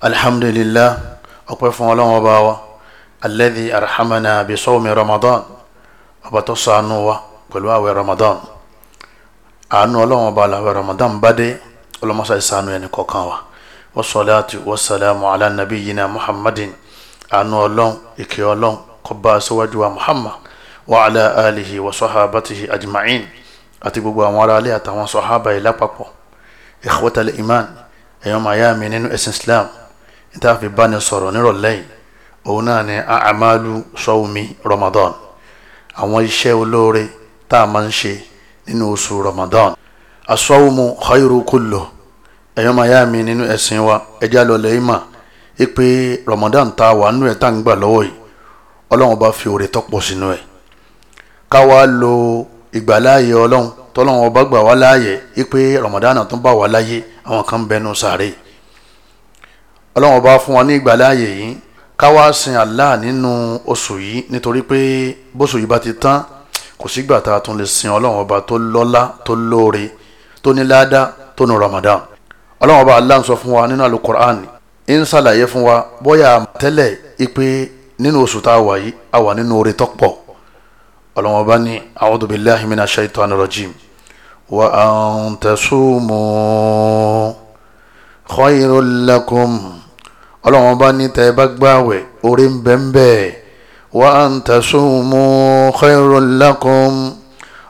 alhamdulillah ọpẹ́ fún Ọlọ́run ọba wa alladhi arhamana bi sawmi ramadan ọba tó ṣàánú wa pẹ̀lú àwẹ̀ ramadan àánú Ọlọ́run ọba làwẹ̀ ramadan bá dé ọlọmọṣà ìṣàánú ẹni kọ̀ọ̀kan wa wasalaatu wasalaamu ala nabiyina muhammadin àánú Ọlọ́run ìkẹ́ Ọlọ́run kọba aṣáájú wa muhammad wa ala alihi wa sahabatihi ajma'in àti gbogbo àwọn ará àtàwọn sọhábà yìí lápapọ̀ ikhwatal iman ẹ̀yọ́ màyá mi nínú ẹ̀sìn islam níta fi bá ní sọ̀rọ̀ òun náà ni àmàlù sọ́wọ́mi Ramadan àwọn iṣẹ́ olóore tá a máa ń ṣe nínú oṣù Ramadan asọ́wọ́mu khairu kullu ẹ̀yọ́ máa yá mi nínú ẹ̀sìn wa ẹ̀já lọ́lẹ̀ yìí mà ipe Ramadan tá a wà nínú ẹ̀ tá à ń gbà lọ́wọ́ yìí ọlọ́run bá fi oore tọ́pọ̀ sínú ẹ̀ káwa lo ìgbàláàyè ọlọ́run tọ́lọ́run ọba gbà wá láàyè ipe Ramadan tó bá wà láyé àwọn kan bẹnu sàárè ọlọ́run ọba fún wa ní ìgbàláàyè yìí káwá sin Allah nínú oṣù yìí nítorí pé bóṣù yìí bá ti tán kò sígbà tá a tún lè sin ọlọ́run ọba tó lọ́lá tó lóore tó ní ládá tó nu Ramadan ọlọ́run ọba Allah ń sọ fún wa nínú alukur'an ń ṣàlàyé fún wa bóyá tẹ́lẹ̀ ipe nínú oṣù tá a wà yìí a wà nínú oore tó ọlọ́run ọba ní a'udhu billahi minash shaitani rajim wa an tasumu khairul lakum ọlọ́run ọba ní tẹ́ ẹ bá gbààwẹ̀ orí ń bẹ ń bẹ wa an tasumu khairul lakum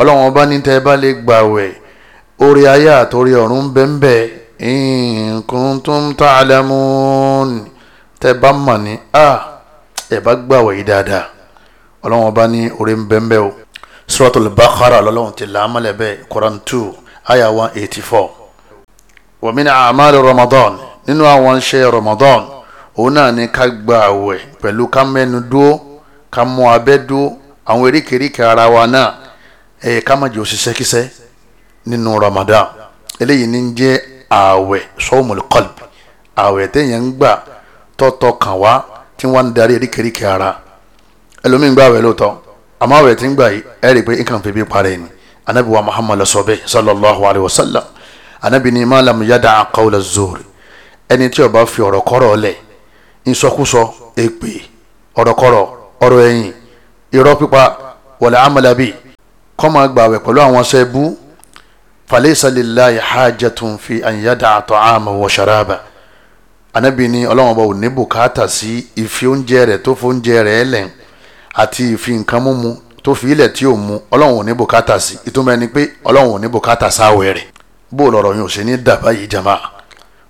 ọlọ́run ọba ní tẹ́ ẹ bá lè gbààwẹ̀ orí ayé àtòrí ọ̀run ń bẹ ń bẹ in kuntum ta'lamun tẹ́ ẹ bá mọ̀ ní a ẹ bá gbààwẹ̀ yìí dáadáa ọlọ́run ọba ní orí ń o suratul baqara lọ́lọ́run ti làámọ́lẹ̀ bẹ́ẹ̀ quran two ayah one eighty four wa min a'mal ramadan nínú àwọn ṣe ramadan òun náà ni ká gba àwẹ̀ pẹ̀lú ká mẹ́nu dúó ká mú abẹ́ dúó àwọn eríkèéríkèé ara wa náà ẹ̀yẹ ká má jẹ́ òṣìṣẹ́ kíṣẹ́ nínú Ramadan eléyìí ní jẹ́ àwẹ̀ sọ́ọ̀mùlù qalb àwẹ̀ téèyàn ń gbà tọ́tọ̀ kàn wá tí wọ́n ń darí eríkèéríkèé ara ẹlòmíín gbà àwẹ̀ lóòótọ́ àmọ́ àwẹ̀ tí ń gbà yìí ẹ̀ rí i pé nǹkan fi bí parẹ́ ni anabi wa muhammadu sọ̀bẹ́ sallallahu alayhi wa sallam anabi ni malam yada akawla zori ẹni tí ó bá fi ọ̀rọ̀ kọ́rọ̀ lẹ̀ ìsọkúsọ èpè ọ̀rọ̀kọ̀rọ̀ ọ̀rọ̀ ẹ̀yìn irọ́ pípa wọ̀lẹ̀ amalabi kọ́mọ gbàwẹ̀ pẹ̀lú àwọn sẹ́bù falaysa lillahi hajatun fi an yada'a ta'ama wa sharaba anabi ni ọlọ́wọ́n bá ò ní bùkátà sí ìfi oúnjẹ rẹ̀ tó fi rẹ̀ lẹ̀ àti ìfi nǹkan múmu tó fi ilẹ̀ tí ò mu ọlọ́wọ́n ò ní bùkátà sí ìtumọ̀ ẹni pé ọlọ́wọ́n ò ní bùkátà sáwẹ̀ rẹ̀ bó lọ̀rọ̀ yóò ṣe ní dàbá yìí jama'a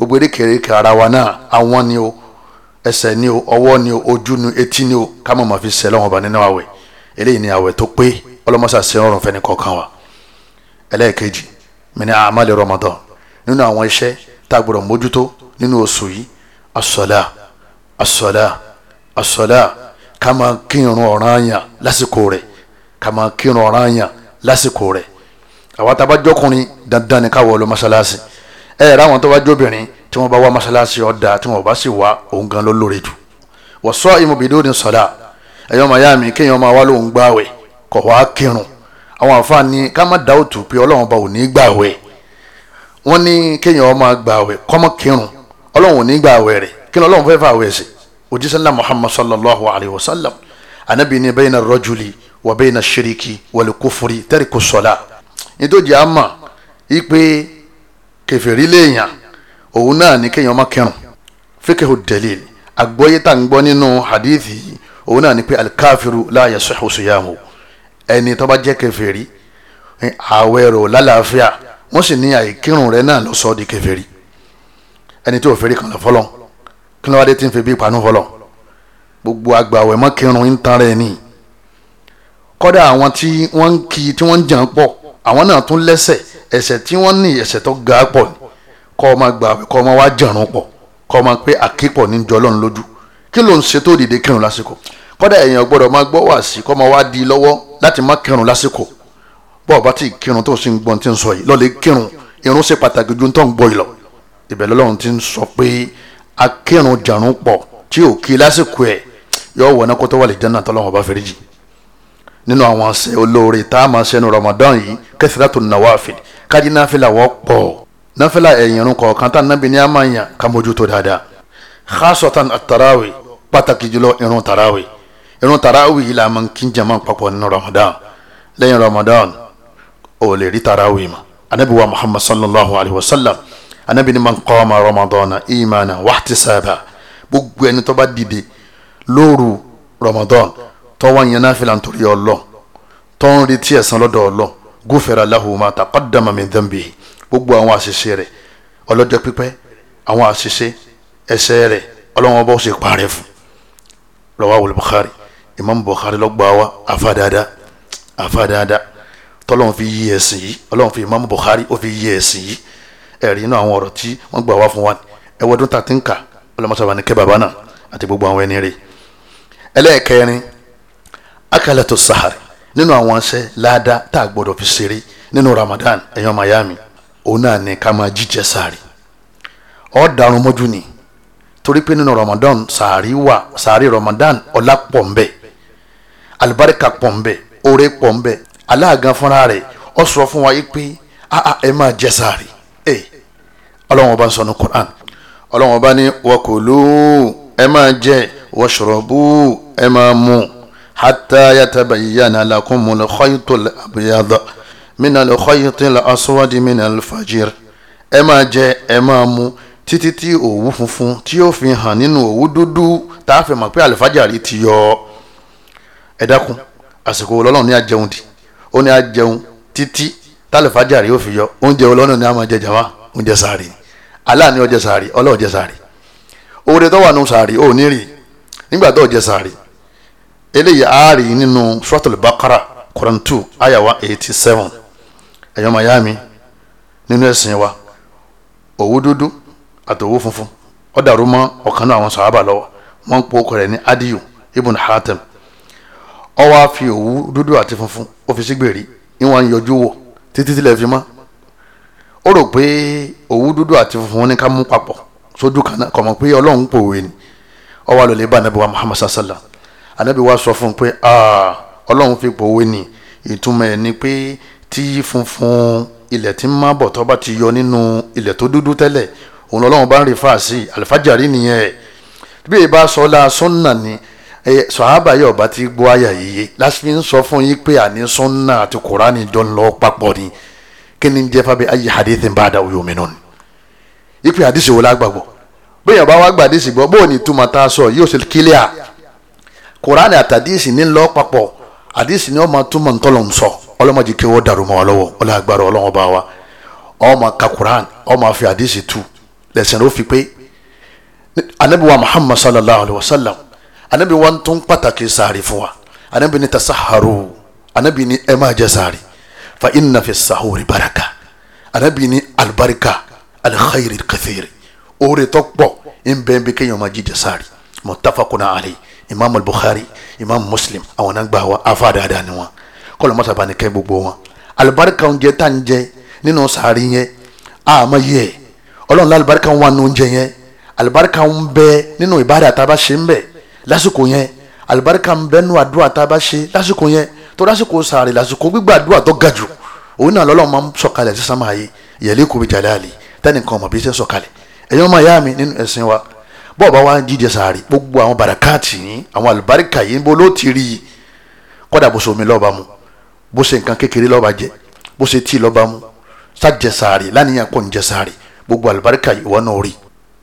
gbogbo erékèrékè ara wa náà àwọn ni o ẹsẹ̀ ni o ọwọ́ ni o ojú ni o etí ni o ká mọ̀ máa fi ṣe lọ́wọ́n nínú àwẹ̀ eléyìí ni àwẹ̀ tó pé ọlọ́mọṣà ọrùn fẹ́ni kọ̀ọ̀kan wa ẹlẹ́ẹ̀kejì mi àmàlẹ́ Ramadan nínú àwọn iṣẹ́ tá a gbọ́dọ̀ mójútó nínú oṣù yìí asọ́lá asọ́lá asọ́lá ká máa kírun ọ̀ranyàn lásìkò rẹ̀ ká máa kírun ọ̀ranyàn lásìkò rẹ̀ àwa tá dandan ni ká wọ̀ ẹ rà wọn tó bá jóbìnrin tí wọn bá wá masalasi ọ̀dà tí wọn bá sì wá òun gan ló lóore jù wọ́n sọ ìmọ̀bìdó ni sọ̀dà ẹ̀yọ́ mayami kéèyàn máa wá lóun gbààwẹ̀ kọ̀ wá kírun àwọn àǹfààní ká má dá òtù pé ọlọ́run bá ò ní gbààwẹ̀ wọ́n ní kéèyàn máa gbààwẹ̀ kọ́mọ́ kírun ọlọ́run ò ní gbààwẹ̀ rẹ̀ kí ni ọlọ́run fẹ́ fà wẹ̀ sí òjísàlá muhammad sallallahu alayhi wa sallam anabi ni bayna rajuli wa bayna shiriki wal kufri tariku sọ̀dà nítorí àmà yí pé kèfèrí léèyàn òun náà ní kéèyàn má kẹrùn fíkẹ́hù dẹ̀líl àgbọ́yé tá ń gbọ́ nínú hadithi yìí òun náà ní pé alikafiru la yasihu siyamu ẹni tó bá jẹ́ kèfèrí ààwẹ̀ rò lálàáfíà wọ́n sì ní àìkírun rẹ̀ náà ló sọ di kèfèrí ẹni tí ò fẹ́rí kan lọ fọlọ́ kí ló wá dé tí ń fi bí ìpanu fọlọ́ gbogbo àgbàwẹ̀ mọ́ ń tan rẹ̀ nìyí kọ́dà àwọn tí wọ́n ń kí tí wọ́n ń jàn pọ̀ àwọn náà tún lẹ́sẹ̀ ẹ̀ṣẹ̀ tí wọ́n ní ẹ̀ṣẹ̀ tó ga pọ̀ ni kọ́ ọ máa gbà kọ́ ọ máa wá jẹ̀rún pọ̀ pé àkípọ̀ ní jọ lọ́run lójú kí ló ń ṣe tó dìde kírun lásìkò kọ́dà èèyàn gbọ́dọ̀ máa gbọ́ wà sí kọ́ máa wá di lọ́wọ́ láti má kírun lásìkò bọ́ ọ bá ti kírun tó sì ń gbọ́n tí ń sọ yìí lọ́ọ́ lè kírun irun ṣe pàtàkì ju tó ń gbọ́ yìí lọ ìbẹ̀ lọ́lọ́run ti ń sọ pé akírun jàrún pọ̀ tí ò kí lásìkò ẹ̀ yóò wọ̀ náà tó wà lè jẹ́ nínú àwọn àṣẹ olóore tá a máa ṣe Ramadan yìí kẹsìlá tó nàwáfìlì kájí náfìlà wọ́ pọ̀ náfìlà ẹ̀yìnrún kọ̀ọ̀kan tá nàbí ní a máa yàn ká mójútó dáadáa khasatan atarawe pàtàkì jùlọ irun tarawe irun tarawe yìí la máa ń kí jama papọ̀ nínú ramadan lẹ́yìn ramadan ò lè rí tarawe ma anabi wa muhammad sallallahu alayhi wa sallam anabi ni man qama ramadan imana wahtisaba gbogbo ẹni tó bá dìde lóru ramadan tó wá yàn náfìlà nítorí ọlọ́ tó retí ẹ̀san lọ́dọ̀ ọlọ́ọ̀ gufira lahu ma taqaddama min dhanbihi gbogbo àwọn àṣìṣe rẹ̀ ọlọ́jọ́ pípẹ́ àwọn àṣìṣe ẹ̀ṣẹ̀ rẹ̀ ọlọ́wọ́n bá ṣe parẹ́ fún rawahul Bukhari Imam Bukhari lọ́gbà wa afa dáadáa afa dáadáa tọ́lọ́wọ́n fi yí ẹ̀sìn yìí ọlọ́wọ́n fi Imam Bukhari ó fi yí ẹ̀sìn yìí ẹ̀rí inú àwọn ọ̀rọ̀ tí wọ́n gbà wá fún wa ẹ̀wọ́dún tá a ti ń nínú àwọn iṣẹ́ láàdá tá a gbọ́dọ̀ fi ṣeré nínú Ramadan ẹ̀yàn miami òun náà ni ká máa jíjẹ sàárì ọ̀ darun mọ́jú ni torí pé nínú Ramadan sàárì wà sàárì Ramadan ọlá pọ̀ ń bẹ alibarika pọ̀ ń bẹ oore pọ̀ ń bẹ aláàgán fúnra rẹ̀ ọ sọ fún wa yìí pé ẹ máa jẹ sàárì ẹ ọlọ́wọ́n bá ń sọ ní Quran ọlọ́wọ́n bá ní wakulu ẹ máa jẹ washrabu ẹ máa mu hatta yatabayyana lakumul khaytul abyad minal khaytil aswad minal fajir ẹ máa jẹ ẹ máa mu títí tí òwú funfun tí yóò fi hàn nínú òwú dúdú tá a fi mọ̀ pé àlùfájàrí ti yọ ẹ dákun àsìkò ọlọ́run ní ajẹun di ó ní ajẹun títí tálùfájàrí yóò fi yọ oúnjẹ ọlọ́run ní a máa jẹ jàmá oúnjẹ sàárì aláàní ọjẹ sàárì ọlọ́ọ̀jẹ sàárì oore tó wà nù sàárì ò ní rì nígbà tó ọjẹ sàárì eléyìí aari nínú suratul bakara Quran two aya one eighty seven ẹ̀yọ́ mayami nínú ẹ̀sìn wa òwú dúdú àti òwú funfun ó dàrú mọ́ ọ̀kan náà àwọn sàhábà lọ́wọ́ wọ́n ń po okò ní adiyu ibn hatem ó wá fi òwú dúdú àti funfun ó fi sígbèrí ìwọ̀n yọjú wò títí tilẹ̀ fi mọ́ ó rò pé òwú dúdú àti funfun ní ká mú papọ̀ sójú kan náà kò mọ̀ pé ọlọ́run pòwe ni ó wá lọ bá nàbẹ̀wá muhammad sallallahu alayhi wa sallam anabi wa sọ fún un pé ọlọ́run fi pòwe ni ìtumọ̀ ẹ̀ ni pé tí funfun ilẹ̀ tí ń má bọ̀ tó bá ti yọ nínú ilẹ̀ tó dúdú tẹ́lẹ̀ òun lọ́lọ́run bá ń rí fàásì àlìfájàrí nìyẹn bí èyí bá sọ la sunna ni sọ̀hábà yóò bá ti gbọ́ àyà yìí láti sọ fún yín pé àní sunna àti kùránì jọ ń lọ papọ̀ ni kí ni jẹ́ fábẹ́ ayé hadithin bá dà oyo mìíràn ni ipe hadisi wo la gbàgbọ́ bóyá bá wá gbàdísì gbọ́ bóyá ní túmọ̀ tá a sọ yóò ṣe kílíà kuraani àti àdìsí ní lọ papọ̀ àdìsí ni wọ́n máa túmọ̀ ntọ́lọ̀ nsọ ọlọ́mọdé kí wọ́n dàrú mọ́ ọ lọ́wọ́ ọlọ́ agbára ọlọ́wọ́ bá wa ó máa ka kuraani ó máa fi àdìsí tu lẹ́sìn ló fi pé anabi wa muhammad sallallahu alayhi wa sallam anabi wa tún pàtàkì sáré fún wa anabi ni tasaharu anabi ni ẹ máa jẹ sáré fa inna fi sahuri baraka anabi ni alibarika alikhairi kathiri oore tó pọ̀ ń bí kéèyàn máa jíjẹ sáré muttafaqun alayhi imam al-bukhari imam muslim àwọn náà gbà wá afa dáadáa ni wọn kọlọ mọ́tà bá ní kẹ́ gbogbo wọn alibarika oúnjẹ tá ń jẹ nínú sàárì yẹn àmọ́ yẹ ọlọ́run lálùbáríkà wà nínú oúnjẹ yẹn alibarika ń bẹ nínú ìbáda tá a bá ṣe ń bẹ lásìkò yẹn alibarika ń bẹ nínú àdúrà tá a bá ṣe lásìkò yẹn tó lásìkò sàárì lásìkò gbígbà àdúrà tó ga jù òun náà lọ́lọ́run máa ń sọ̀kalẹ̀ sísan máa yẹ yẹlẹ́kùn bíi jàlẹ́ àlè tẹ́nìkan ọmọ bíi ṣe ń sọ̀kalẹ̀ ẹ̀yin ọmọ mi nínú ẹ̀sìn wa bọ́ọ̀ bá wá ń jíjẹ sàárì gbogbo àwọn bàràkàtì yín àwọn àlùbáríkà yín bó ló ti rí i kọ́dà bó so omi lọ́ọ̀bá mu bó ṣe nǹkan kékeré lọ́ọ̀bá jẹ bó ṣe tíì lọ́ọ̀bá mu sájẹ sàárì lánìyàn kò ń jẹ sàárì gbogbo àlùbáríkà yìí wọ́n náà rí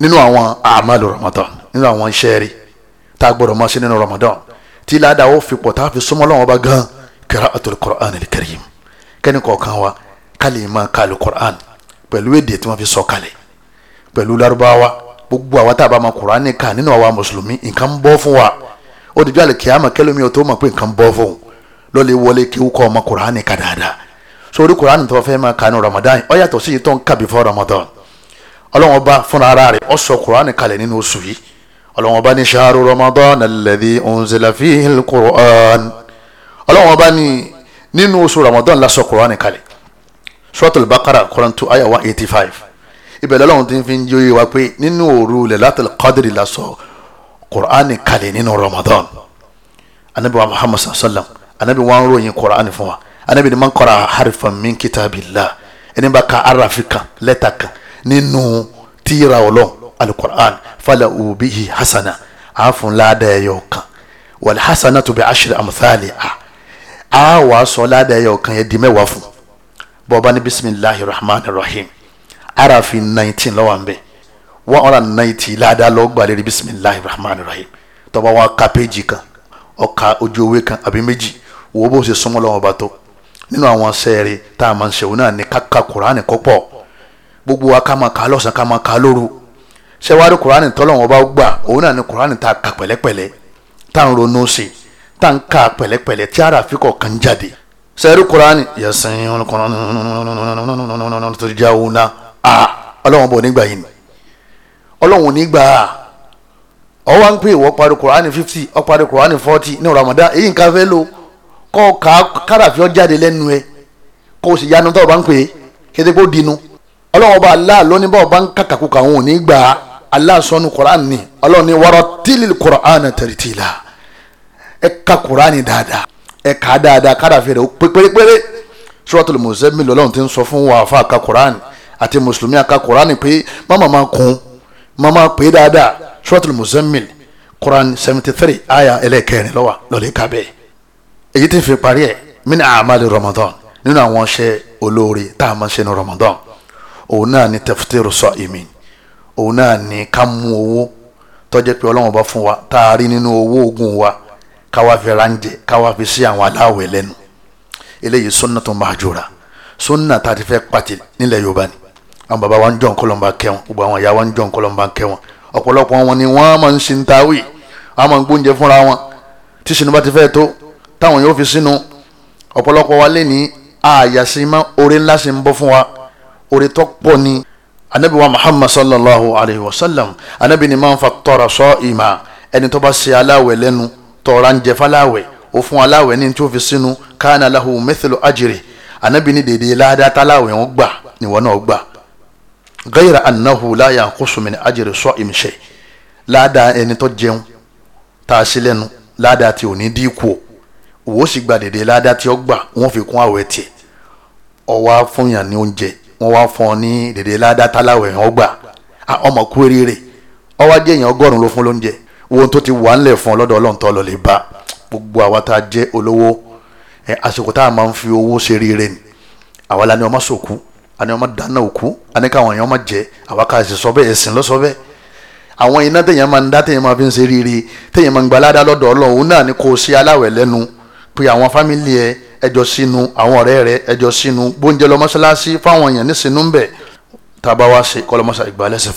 nínú àwọn àmàlù Ramadan nínú àwọn iṣẹ́ rí tá a gbọ́dọ̀ máa ṣe nínú Ramadan tí ládàá ó fi pọ̀ tá a fi súnmọ́ lọ́wọ́ bá gan qira'atul Qur'an al-Karim kẹ́ni kọ̀ọ̀kan wa ká lè máa ka quran pẹ̀lú èdè tí wọ́n fi sọ kalẹ̀ pẹ̀lú Lárúbáwá gbogbo àwa tá a bá ma kùránì kà nínú àwa mùsùlùmí nǹkan ń bọ́ fún wa ó dìjọ́ àlè kíámà kẹlẹ́mi ò tó mọ̀ pé nǹkan ń bọ́ fún lọ́lẹ̀ wọlé kí wúkọ́ ọmọ kùránì kà dáadáa sórí kùránì tó fẹ́ máa kà ramadan ó yàtọ̀ sí tó ń kà ramadan ọlọ́wọ́n bá fúnra ara rẹ̀ ó sọ kùránì kalẹ̀ nínú oṣù yìí ọlọ́wọ́n bá ní shahru ramadan alladhi unzila fihi quran ọlọ́wọ́n bá ní nínú oṣù ramadan la sọ kùránì kalẹ̀ suratul baqara kọ́ńtù ayawa eighty five ibẹ̀ lọ́lọ́run ti fi ń jó wa pé nínú òru Lailatul Qadri la sọ Qur'ani kalẹ̀ nínú Ramadan anabi wa Muhammad sallam anabi wa ń ròyìn Qur'ani fún wa anabi ni man qara harfan min kitabillah ẹni bá ka arafi kan lẹ́tà kan nínú tíra ọlọ́run alukur'an falahu bihi hasana àáfún ládàá ẹyọ kan wal hasanatu bi ashri amthaliha a wàá sọ ládàá ẹyọ kan yẹn di mẹ́wàá fún bọ́ọ̀bá ní bisimilahi rahman rahim arafi nineteen lọ́wọ́ nbẹ one hundred and ninety láàdá lọ́gbàlérè bisimilahi rahman rahim tó bá wá ka péjì kan ó ka ojú ewé kan àbí méjì wo bó ṣe súnmọ́ lọ́wọ́ bá tó nínú àwọn sẹ́ẹ̀rì tá a máa ń ṣẹ̀wò náà ní káka kuraani kọ́pọ̀ gbogbo wa ká máa ka lọ́sàn ká máa ka lóru ṣẹ́wárí kuraani tọ́lọ́wọ́n bá gbà òun náà ní kuraani tá a kà pẹ̀lẹ́pẹ̀lẹ́ tá a ń ronú sí tá a ń ka pẹ̀lẹ́pẹ̀lẹ́ tí ara àfikọ̀ jáde sẹ́ẹ̀rì kuraani yẹ̀sìn ọ̀nà kan tó jáwó náà ọlọ́wọ́n bò nígbà yìí ọlọ́wọ́n nígbà ọ wá ń pè wọ́n parí kùránì fifty ọ parí kùránì forty ní Ramadan èyí nǹkan fẹ́ lò kọ́ ká káràfì ọ jáde lẹ́nu ẹ kó o sì yanu tó o bá ń pè é kété dinu ọlọ́wọ́n bá Allah lónìí bá o bá ń kàkàkùkà òun ò ní gbà á Allah sọnu kùránì ọlọ́wọ́n ní wọ́rọ́ tílì kùránì tẹ̀rìtìlà ẹ ka kùránì dáadáa ẹ kà dáadáa káràfì rẹ ó pé pérépéré Suratul Muzammil lọ́lọ́run àti mùsùlùmí aka kùránì pé mama máa kún mama pé dáadáa suratul muzammil quran seventy three aya ẹlẹ́kẹrin lọ́wọ́ lọ́lẹ́ kábẹ́ èyí tí fi parí ẹ̀ min amali ramadan nínú àwọn ṣe olóore tá a máa ṣe ní ramadan òun náà ni taftiru sa'imin òun náà ni ká mú owó tó jẹ́ pé ọlọ́run bá fún wa tá a rí nínú owó oògùn wa ká wá fi ránjẹ ká fi sí àwọn aláwẹ̀ lẹ́nu eléyìí sunnatun mahjura sunna tá a ti fẹ́ pàtì nílẹ̀ yorùbá ni àwọn baba wa ń jọ nkọlọmba kẹwọn gbogbo àwọn ìyá wa ń jọ nkọlọmba kẹwọn ọ̀pọ̀lọpọ̀ wọn ni wọ́n máa ń ṣe ń tawí wọ́n máa ń gbóúnjẹ fúnra wọn tí sinú bá ti fẹ́ tó táwọn yóò fi sínú ọ̀pọ̀lọpọ̀ wa lé ní àyàsímá oore ńlá sì ń bọ́ fún wa oore tó pọ̀ ni anabi wa muhammad sallallahu alayhi wa sallam anabi ni man fattara sa'ima ẹni tó bá ṣe aláwẹ̀ lẹ́nu tọ̀ra ń jẹ faláwẹ̀ ó kana lahu mithlu ajri anabi ni dèdè ládàá táláwẹ̀ wọn gbà níwọ náà gbà gayra annahu la yanqusu min ajri sa'im shay láàdá ẹni tó jẹun tá a sí lẹ́nu láàdá tí ò ní dínkù òwò sì gba dèdè láàdá ti, ó gbà wọ́n fi kún àwẹ̀ tiẹ̀ ó wá fún yàn ní oúnjẹ wọ́n wá fún ọ ní dèdè láàdá táláwẹ̀ yẹn ó gbà ọmọ kú eréere ó wá jẹ́ èèyàn ọgọ́rùn-ún ló fún lóúnjẹ owó tó ti wà ńlẹ̀ fún ọ lọ́dọ̀ ọlọ́run tó lọ lè gbogbo àwa tá a jẹ́ olówó àsìkò tá a máa ń fi owó ṣe ríire ni àwa la ni Ani ọmọ dana òkú àní káwọn èèyàn ọmọ jẹ àwa ká sì sọ bẹ́ẹ̀ ẹ̀sìn ló sọ bẹ́ẹ̀ àwọn iná téèyàn máa ń dá téèyàn máa fi ń ṣe rere téèyàn máa ń gba aládá lọ́dọ̀ ọlọ́run náà ni kò sí aláwẹ̀ lẹ́nu pé àwọn fámìlì ẹ ẹjọ́ sínú àwọn ọ̀rẹ́ rẹ ẹjọ́ sínú gbóúnjẹ lọ mọ́ṣáláṣí fáwọn èèyàn ní sínú ń bẹ̀ tá a bá wá ṣe kọ́lọ́mọ́ṣá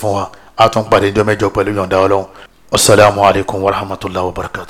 wa a tún pàdé ìjọ mẹ́jọ pẹ̀lú yọ̀ǹda assalamu alaikum warahmatullahi wabarakatuh